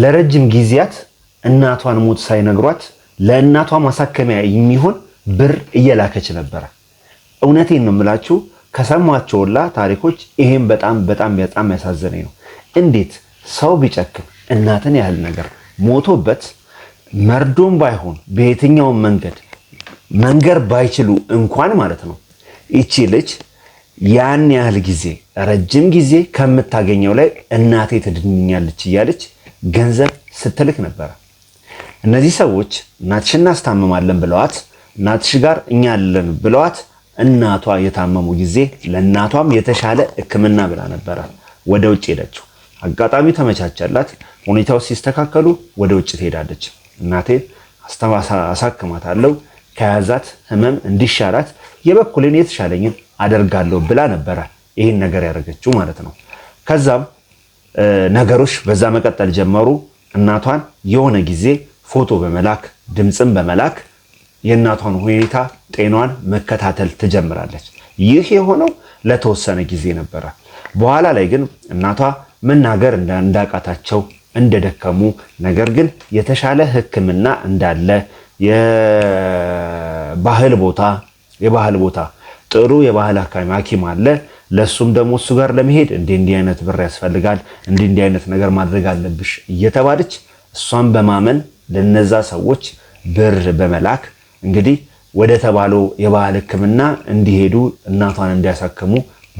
ለረጅም ጊዜያት እናቷን ሞት ሳይነግሯት ለእናቷ ማሳከሚያ የሚሆን ብር እየላከች ነበረ። እውነቴን ነው የምላችሁ ከሰማቸውላ ታሪኮች ይሄም በጣም በጣም በጣም ያሳዘነኝ ነው። እንዴት ሰው ቢጨክም እናትን ያህል ነገር ሞቶበት መርዶም ባይሆን በየትኛውም መንገድ መንገር ባይችሉ እንኳን ማለት ነው ይቺ ልጅ ያን ያህል ጊዜ ረጅም ጊዜ ከምታገኘው ላይ እናቴ ትድንኛለች እያለች ገንዘብ ስትልክ ነበረ። እነዚህ ሰዎች እናትሽ እናስታምማለን ብለዋት እናትሽ ጋር እኛ ያለን ብለዋት እናቷ የታመሙ ጊዜ ለእናቷም የተሻለ ሕክምና ብላ ነበረ ወደ ውጭ ሄደችው። አጋጣሚ ተመቻቸላት። ሁኔታው ሲስተካከሉ ወደ ውጭ ትሄዳለች። እናቴን አሳክማታለሁ፣ ከያዛት ህመም እንዲሻላት የበኩሌን የተሻለኝን አደርጋለሁ ብላ ነበረ ይህን ነገር ያደረገችው ማለት ነው። ከዛም ነገሮች በዛ መቀጠል ጀመሩ። እናቷን የሆነ ጊዜ ፎቶ በመላክ ድምፅን በመላክ የእናቷን ሁኔታ ጤኗን መከታተል ትጀምራለች። ይህ የሆነው ለተወሰነ ጊዜ ነበረ። በኋላ ላይ ግን እናቷ መናገር እንዳቃታቸው እንደደከሙ፣ ነገር ግን የተሻለ ሕክምና እንዳለ የባህል ቦታ የባህል ቦታ ጥሩ የባህል ሐኪም አለ ለሱም ደግሞ እሱ ጋር ለመሄድ እንዲህ እንዲህ አይነት ብር ያስፈልጋል፣ እንዲህ እንዲህ አይነት ነገር ማድረግ አለብሽ እየተባለች እሷን በማመን ለነዛ ሰዎች ብር በመላክ እንግዲህ ወደ ተባለው የባህል ሕክምና እንዲሄዱ እናቷን እንዲያሳክሙ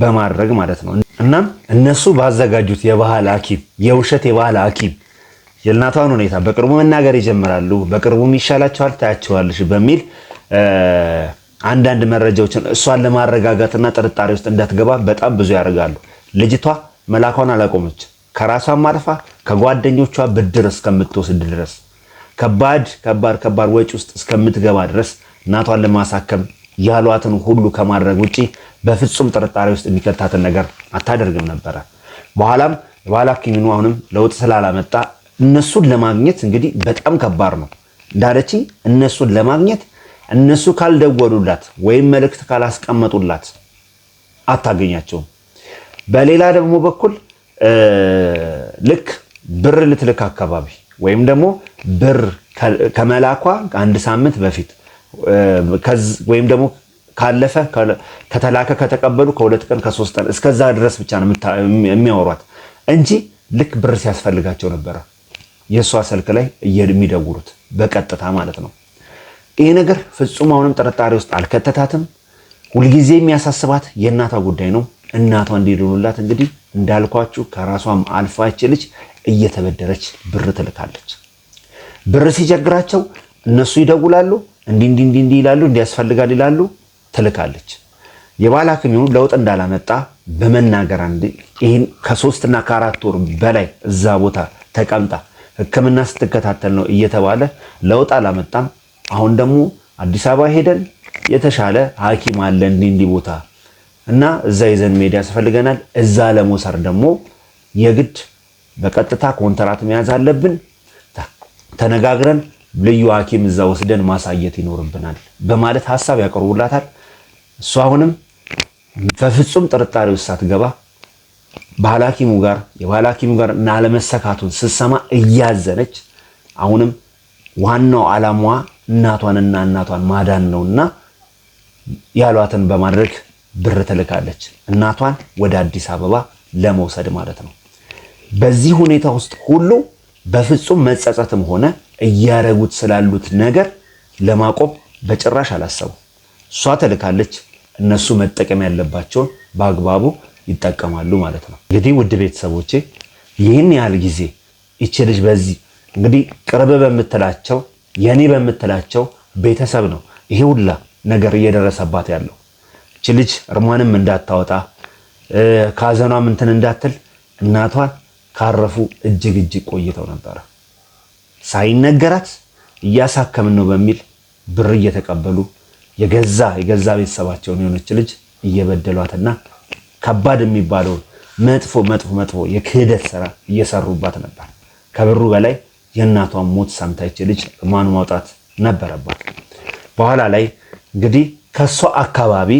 በማድረግ ማለት ነው። እናም እነሱ ባዘጋጁት የባህል ሐኪም የውሸት የባህል ሐኪም የእናቷን ሁኔታ በቅርቡ መናገር ይጀምራሉ። በቅርቡም ይሻላቸዋል፣ ታያቸዋለሽ በሚል አንዳንድ መረጃዎችን እሷን ለማረጋጋትና ጥርጣሬ ውስጥ እንዳትገባ በጣም ብዙ ያደርጋሉ። ልጅቷ መላኳን አላቆመች። ከራሷም አልፋ ከጓደኞቿ ብድር እስከምትወስድ ድረስ ከባድ ከባድ ከባድ ወጪ ውስጥ እስከምትገባ ድረስ እናቷን ለማሳከም ያሏትን ሁሉ ከማድረግ ውጪ በፍጹም ጥርጣሬ ውስጥ የሚከታትን ነገር አታደርግም ነበረ። በኋላም የባህል ሐኪሙ አሁንም ለውጥ ስላላመጣ እነሱን ለማግኘት እንግዲህ በጣም ከባድ ነው እንዳለችኝ እነሱን ለማግኘት እነሱ ካልደወሉላት ወይም መልእክት ካላስቀመጡላት አታገኛቸውም። በሌላ ደግሞ በኩል ልክ ብር ልትልክ አካባቢ ወይም ደግሞ ብር ከመላኳ አንድ ሳምንት በፊት ወይም ደግሞ ካለፈ ከተላከ ከተቀበሉ ከሁለት ቀን ከሶስት ቀን እስከዛ ድረስ ብቻ ነው የሚያወሯት እንጂ ልክ ብር ሲያስፈልጋቸው ነበረ የእሷ ስልክ ላይ የሚደውሉት በቀጥታ ማለት ነው። ይሄ ነገር ፍጹም አሁንም ጥርጣሬ ውስጥ አልከተታትም። ሁልጊዜ የሚያሳስባት የእናቷ ጉዳይ ነው። እናቷ እንዲድኑላት እንግዲህ እንዳልኳችሁ ከራሷም አልፋ ይች ልጅ እየተበደረች ብር ትልካለች። ብር ሲቸግራቸው እነሱ ይደውላሉ፣ እንዲህ እንዲህ እንዲህ ይላሉ፣ እንዲያስፈልጋል ይላሉ፣ ትልካለች። የባል ሐኪሙ ለውጥ እንዳላመጣ በመናገር አንድ ይህን ከሶስትና ከአራት ወር በላይ እዛ ቦታ ተቀምጣ ሕክምና ስትከታተል ነው እየተባለ ለውጥ አላመጣም። አሁን ደግሞ አዲስ አበባ ሄደን የተሻለ ሐኪም አለ እንዲህ እንዲህ ቦታ እና እዛ ይዘን መሄድ ያስፈልገናል። እዛ ለመውሰድ ደግሞ የግድ በቀጥታ ኮንትራት መያዝ አለብን። ተነጋግረን ልዩ ሐኪም እዛ ወስደን ማሳየት ይኖርብናል በማለት ሀሳብ ያቀርቡላታል። እሱ አሁንም በፍጹም ጥርጣሬ ውስጥ ሳትገባ ባህል ሐኪሙ ጋር የባህል ሐኪሙ ጋር እና አለመሰካቱን ስትሰማ እያዘነች አሁንም ዋናው ዓላማዋ እናቷንና እናቷን ማዳን ነውና ያሏትን በማድረግ ብር ትልካለች። እናቷን ወደ አዲስ አበባ ለመውሰድ ማለት ነው። በዚህ ሁኔታ ውስጥ ሁሉ በፍጹም መጸጸትም ሆነ እያረጉት ስላሉት ነገር ለማቆም በጭራሽ አላሰቡ። እሷ ትልካለች፣ እነሱ መጠቀም ያለባቸውን በአግባቡ ይጠቀማሉ ማለት ነው። እንግዲህ ውድ ቤተሰቦቼ ይህን ያህል ጊዜ ይቺ ልጅ በዚህ እንግዲህ ቅርብ በምትላቸው የኔ በምትላቸው ቤተሰብ ነው ይሄ ሁላ ነገር እየደረሰባት ያለው። እች ልጅ እርሟንም እንዳታወጣ ከሀዘኗም እንትን እንዳትል እናቷ ካረፉ እጅግ እጅግ ቆይተው ነበረ። ሳይነገራት እያሳከምን ነው በሚል ብር እየተቀበሉ የገዛ የገዛ ቤተሰባቸውን የሆነች ልጅ እየበደሏትና ከባድ የሚባለውን መጥፎ መጥፎ መጥፎ የክህደት ስራ እየሰሩባት ነበር ከብሩ በላይ የእናቷን ሞት ሰምታ ይች ልጅ ማን ማውጣት ነበረባት። በኋላ ላይ እንግዲህ ከእሷ አካባቢ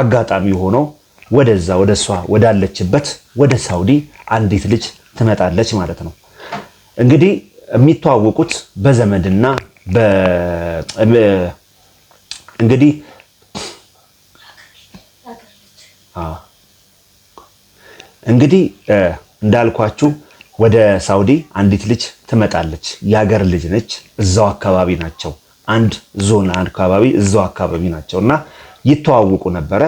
አጋጣሚ ሆኖ ወደዛ ወደ እሷ ወዳለችበት ወደ ሳውዲ አንዲት ልጅ ትመጣለች ማለት ነው። እንግዲህ የሚተዋወቁት በዘመድና እንግዲህ እንግዲህ እንዳልኳችሁ ወደ ሳውዲ አንዲት ልጅ ትመጣለች። የሀገር ልጅ ነች። እዛው አካባቢ ናቸው። አንድ ዞን አካባቢ እዛው አካባቢ ናቸው እና ይተዋወቁ ነበረ።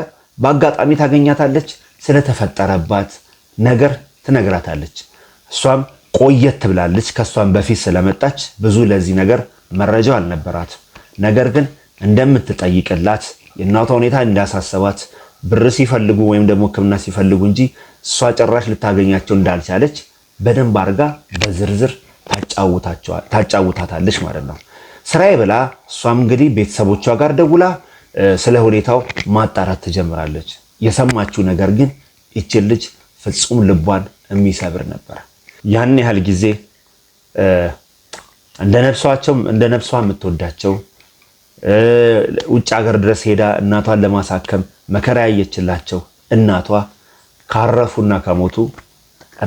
በአጋጣሚ ታገኛታለች። ስለተፈጠረባት ነገር ትነግራታለች። እሷም ቆየት ትብላለች። ከእሷም በፊት ስለመጣች ብዙ ለዚህ ነገር መረጃው አልነበራት ነገር ግን እንደምትጠይቅላት የእናቷ ሁኔታ እንዳሳሰባት ብር ሲፈልጉ ወይም ደግሞ ሕክምና ሲፈልጉ እንጂ እሷ ጭራሽ ልታገኛቸው እንዳልቻለች በደንብ አድርጋ በዝርዝር ታጫውታታለች ማለት ነው። ስራዬ ብላ እሷም እንግዲህ ቤተሰቦቿ ጋር ደውላ ስለ ሁኔታው ማጣራት ትጀምራለች። የሰማችው ነገር ግን ይችን ልጅ ፍጹም ልቧን የሚሰብር ነበር። ያን ያህል ጊዜ እንደ ነፍሷቸው እንደ ነፍሷ የምትወዳቸው ውጭ ሀገር ድረስ ሄዳ እናቷን ለማሳከም መከራ ያየችላቸው እናቷ ካረፉና ከሞቱ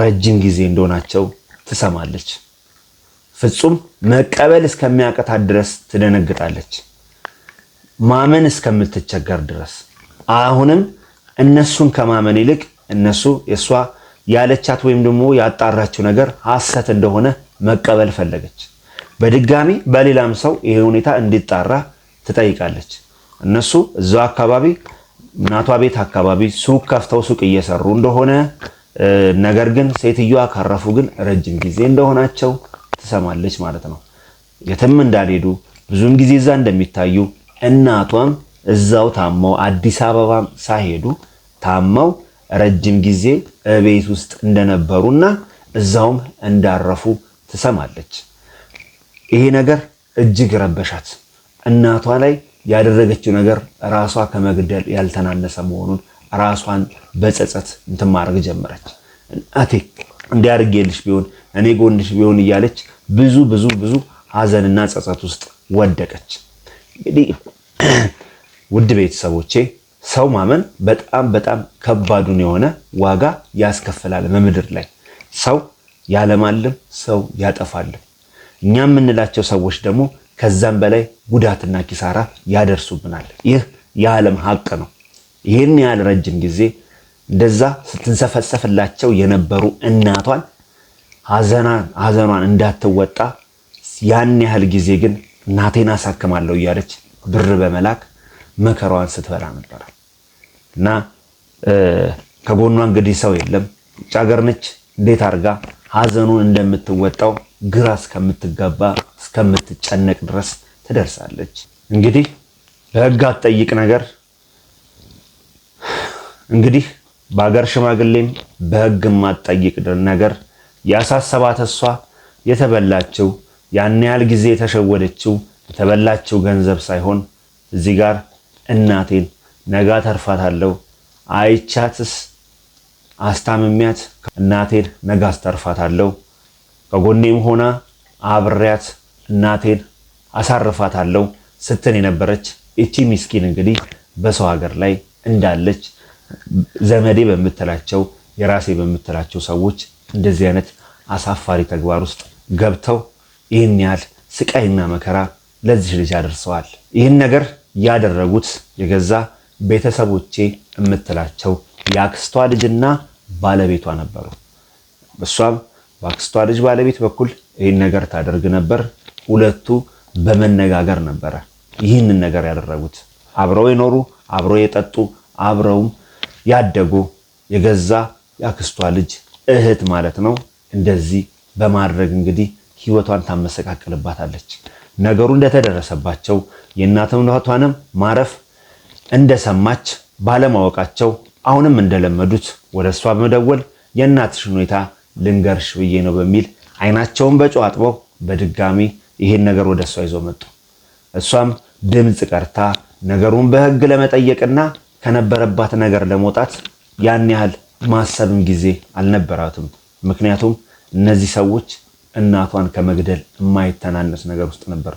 ረጅም ጊዜ እንደሆናቸው ትሰማለች። ፍጹም መቀበል እስከሚያቀታት ድረስ ትደነግጣለች፣ ማመን እስከምትቸገር ድረስ። አሁንም እነሱን ከማመን ይልቅ እነሱ የእሷ ያለቻት ወይም ደግሞ ያጣራችው ነገር ሐሰት እንደሆነ መቀበል ፈለገች። በድጋሚ በሌላም ሰው ይሄ ሁኔታ እንዲጣራ ትጠይቃለች። እነሱ እዛው አካባቢ እናቷ ቤት አካባቢ ሱቅ ከፍተው ሱቅ እየሰሩ እንደሆነ ነገር ግን ሴትዮዋ ካረፉ ግን ረጅም ጊዜ እንደሆናቸው ትሰማለች ማለት ነው። የትም እንዳልሄዱ ብዙም ጊዜ እዛ እንደሚታዩ እናቷም እዛው ታመው አዲስ አበባም ሳይሄዱ ታመው ረጅም ጊዜ እቤት ውስጥ እንደነበሩና እዛውም እንዳረፉ ትሰማለች። ይሄ ነገር እጅግ ረበሻት። እናቷ ላይ ያደረገችው ነገር ራሷ ከመግደል ያልተናነሰ መሆኑን ራሷን በጸጸት እንትን ማድረግ ጀመረች። እናቴ እንዲያርጌልሽ ቢሆን እኔ ጎንሽ ቢሆን እያለች ብዙ ብዙ ብዙ ሀዘንና ጸጸት ውስጥ ወደቀች። እንግዲህ ውድ ቤተሰቦቼ ሰው ማመን በጣም በጣም ከባዱን የሆነ ዋጋ ያስከፍላል። በምድር ላይ ሰው ያለማልም ሰው ያጠፋልም። እኛ የምንላቸው ሰዎች ደግሞ ከዛም በላይ ጉዳትና ኪሳራ ያደርሱብናል። ይህ የዓለም ሀቅ ነው። ይህን ያህል ረጅም ጊዜ እንደዛ ስትንሰፈሰፍላቸው የነበሩ እናቷን ሀዘኗን እንዳትወጣ ያን ያህል ጊዜ ግን እናቴን አሳክማለሁ እያለች ብር በመላክ መከራዋን ስትበላ ነበረ እና ከጎኗ እንግዲህ ሰው የለም። ውጭ ሀገር ነች። እንዴት አድርጋ ሀዘኑን እንደምትወጣው ግራ እስከምትጋባ እስከምትጨነቅ ድረስ ትደርሳለች። እንግዲህ በህግ አትጠይቅ ነገር እንግዲህ በአገር ሽማግሌም በህግ የማትጠይቅ ነገር ያሳሰባት እሷ የተበላችው ያን ያህል ጊዜ የተሸወደችው የተበላችው ገንዘብ ሳይሆን እዚህ ጋር እናቴን ነጋ ተርፋታለሁ አይቻትስ አስታምሚያት እናቴን ነጋ አስተርፋታለሁ ከጎኔም ሆና አብሬያት እናቴን አሳርፋታለሁ ስትን የነበረች እቺ ሚስኪን እንግዲህ በሰው ሀገር ላይ እንዳለች ዘመዴ በምትላቸው የራሴ በምትላቸው ሰዎች እንደዚህ አይነት አሳፋሪ ተግባር ውስጥ ገብተው ይህን ያህል ስቃይና መከራ ለዚህ ልጅ አደርሰዋል። ይህን ነገር ያደረጉት የገዛ ቤተሰቦቼ የምትላቸው የአክስቷ ልጅና ባለቤቷ ነበሩ። እሷም በአክስቷ ልጅ ባለቤት በኩል ይህን ነገር ታደርግ ነበር። ሁለቱ በመነጋገር ነበረ ይህንን ነገር ያደረጉት። አብረው የኖሩ አብረው የጠጡ አብረውም ያደጉ የገዛ የአክስቷ ልጅ እህት ማለት ነው። እንደዚህ በማድረግ እንግዲህ ህይወቷን ታመሰቃቅልባታለች። ነገሩ እንደተደረሰባቸው የእናትነቷንም ማረፍ እንደሰማች ባለማወቃቸው አሁንም እንደለመዱት ወደ እሷ በመደወል የእናትሽን ሁኔታ ልንገርሽ ብዬ ነው በሚል አይናቸውን በጨው አጥበው በድጋሚ ይሄን ነገር ወደ እሷ ይዘው መጡ። እሷም ድምፅ ቀርታ ነገሩን በህግ ለመጠየቅና ከነበረባት ነገር ለመውጣት ያን ያህል ማሰብም ጊዜ አልነበራትም። ምክንያቱም እነዚህ ሰዎች እናቷን ከመግደል የማይተናነስ ነገር ውስጥ ነበር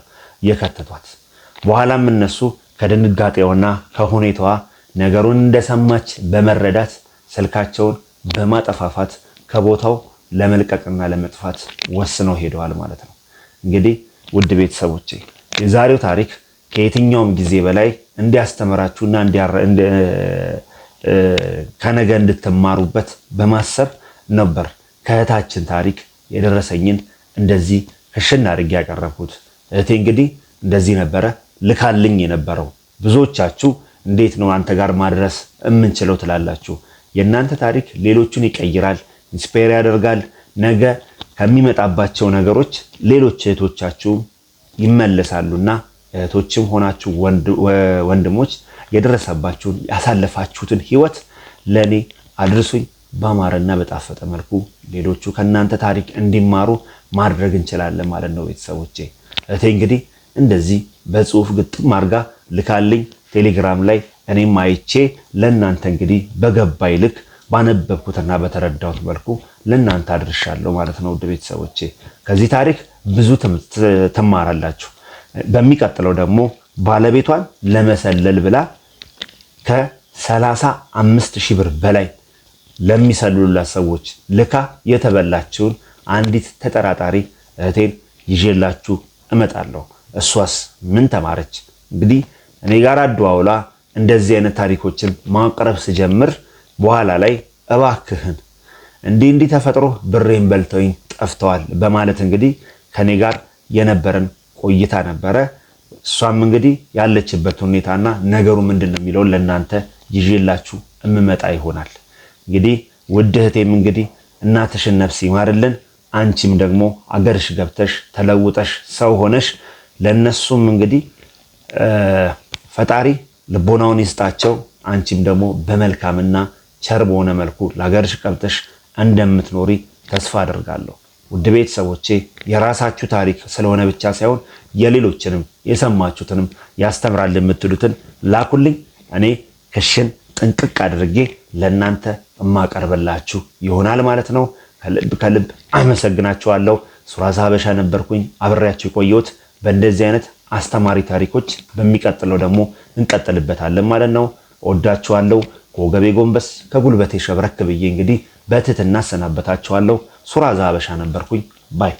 የከተቷት። በኋላም እነሱ ከድንጋጤዋና ከሁኔታዋ ነገሩን እንደሰማች በመረዳት ስልካቸውን በማጠፋፋት ከቦታው ለመልቀቅና ለመጥፋት ወስነው ሄደዋል ማለት ነው። እንግዲህ ውድ ቤተሰቦቼ የዛሬው ታሪክ ከየትኛውም ጊዜ በላይ እንዲያስተምራችሁና ከነገ እንድትማሩበት በማሰብ ነበር ከእህታችን ታሪክ የደረሰኝን እንደዚህ ክሽን አድርጌ ያቀረብኩት። እህቴ እንግዲህ እንደዚህ ነበረ ልካልኝ የነበረው። ብዙዎቻችሁ እንዴት ነው አንተ ጋር ማድረስ የምንችለው ትላላችሁ። የእናንተ ታሪክ ሌሎቹን ይቀይራል፣ ኢንስፓየር ያደርጋል። ነገ ከሚመጣባቸው ነገሮች ሌሎች እህቶቻችሁም ይመለሳሉና እህቶችም ሆናችሁ ወንድሞች የደረሰባችሁን ያሳለፋችሁትን ህይወት ለእኔ አድርሱኝ። በማረና በጣፈጠ መልኩ ሌሎቹ ከእናንተ ታሪክ እንዲማሩ ማድረግ እንችላለን ማለት ነው። ቤተሰቦቼ እህቴ እንግዲህ እንደዚህ በጽሁፍ ግጥም አድርጋ ልካልኝ ቴሌግራም ላይ እኔም አይቼ ለእናንተ እንግዲህ በገባይ ልክ ባነበብኩትና በተረዳሁት መልኩ ለእናንተ አድርሻለሁ ማለት ነው። ውድ ቤተሰቦቼ ከዚህ ታሪክ ብዙ ትማራላችሁ። በሚቀጥለው ደግሞ ባለቤቷን ለመሰለል ብላ ከ አምስት ሺህ ብር በላይ ለሚሰልሉላት ሰዎች ልካ የተበላችውን አንዲት ተጠራጣሪ እህቴን ይዤላችሁ እመጣለሁ። እሷስ ምን ተማረች? እንግዲህ እኔ ጋር አድዋውላ እንደዚህ አይነት ታሪኮችን ማቅረብ ስጀምር በኋላ ላይ እባክህን እንዲህ እንዲህ ተፈጥሮ ብሬን በልተውኝ ጠፍተዋል በማለት እንግዲህ ከኔ ጋር የነበረን ቆይታ ነበረ። እሷም እንግዲህ ያለችበት ሁኔታና ነገሩ ምንድን ነው የሚለውን ለእናንተ ይዤላችሁ እምመጣ ይሆናል። እንግዲህ ውድ እህቴም እንግዲህ እናትሽን ነፍስ ይማርልን፣ አንቺም ደግሞ አገርሽ ገብተሽ ተለውጠሽ ሰው ሆነሽ ለእነሱም እንግዲህ ፈጣሪ ልቦናውን ይስጣቸው። አንቺም ደግሞ በመልካምና ቸር በሆነ መልኩ ለሀገርሽ ቀብተሽ እንደምትኖሪ ተስፋ አድርጋለሁ ውድ ቤተሰቦቼ የራሳችሁ ታሪክ ስለሆነ ብቻ ሳይሆን የሌሎችንም የሰማችሁትንም ያስተምራል የምትሉትን ላኩልኝ። እኔ ክሽን ጥንቅቅ አድርጌ ለእናንተ እማቀርብላችሁ ይሆናል ማለት ነው። ከልብ ከልብ አመሰግናችኋለሁ። ሱራዛ ሀበሻ ነበርኩኝ አብሬያችሁ የቆየሁት። በእንደዚህ አይነት አስተማሪ ታሪኮች በሚቀጥለው ደግሞ እንቀጥልበታለን ማለት ነው። ወዳችኋለሁ። ከወገቤ ጎንበስ ከጉልበቴ ሸብረክ ብዬ እንግዲህ በትህትና እናሰናበታቸዋለሁ። ሱራ ዛበሻ ነበርኩኝ ባይ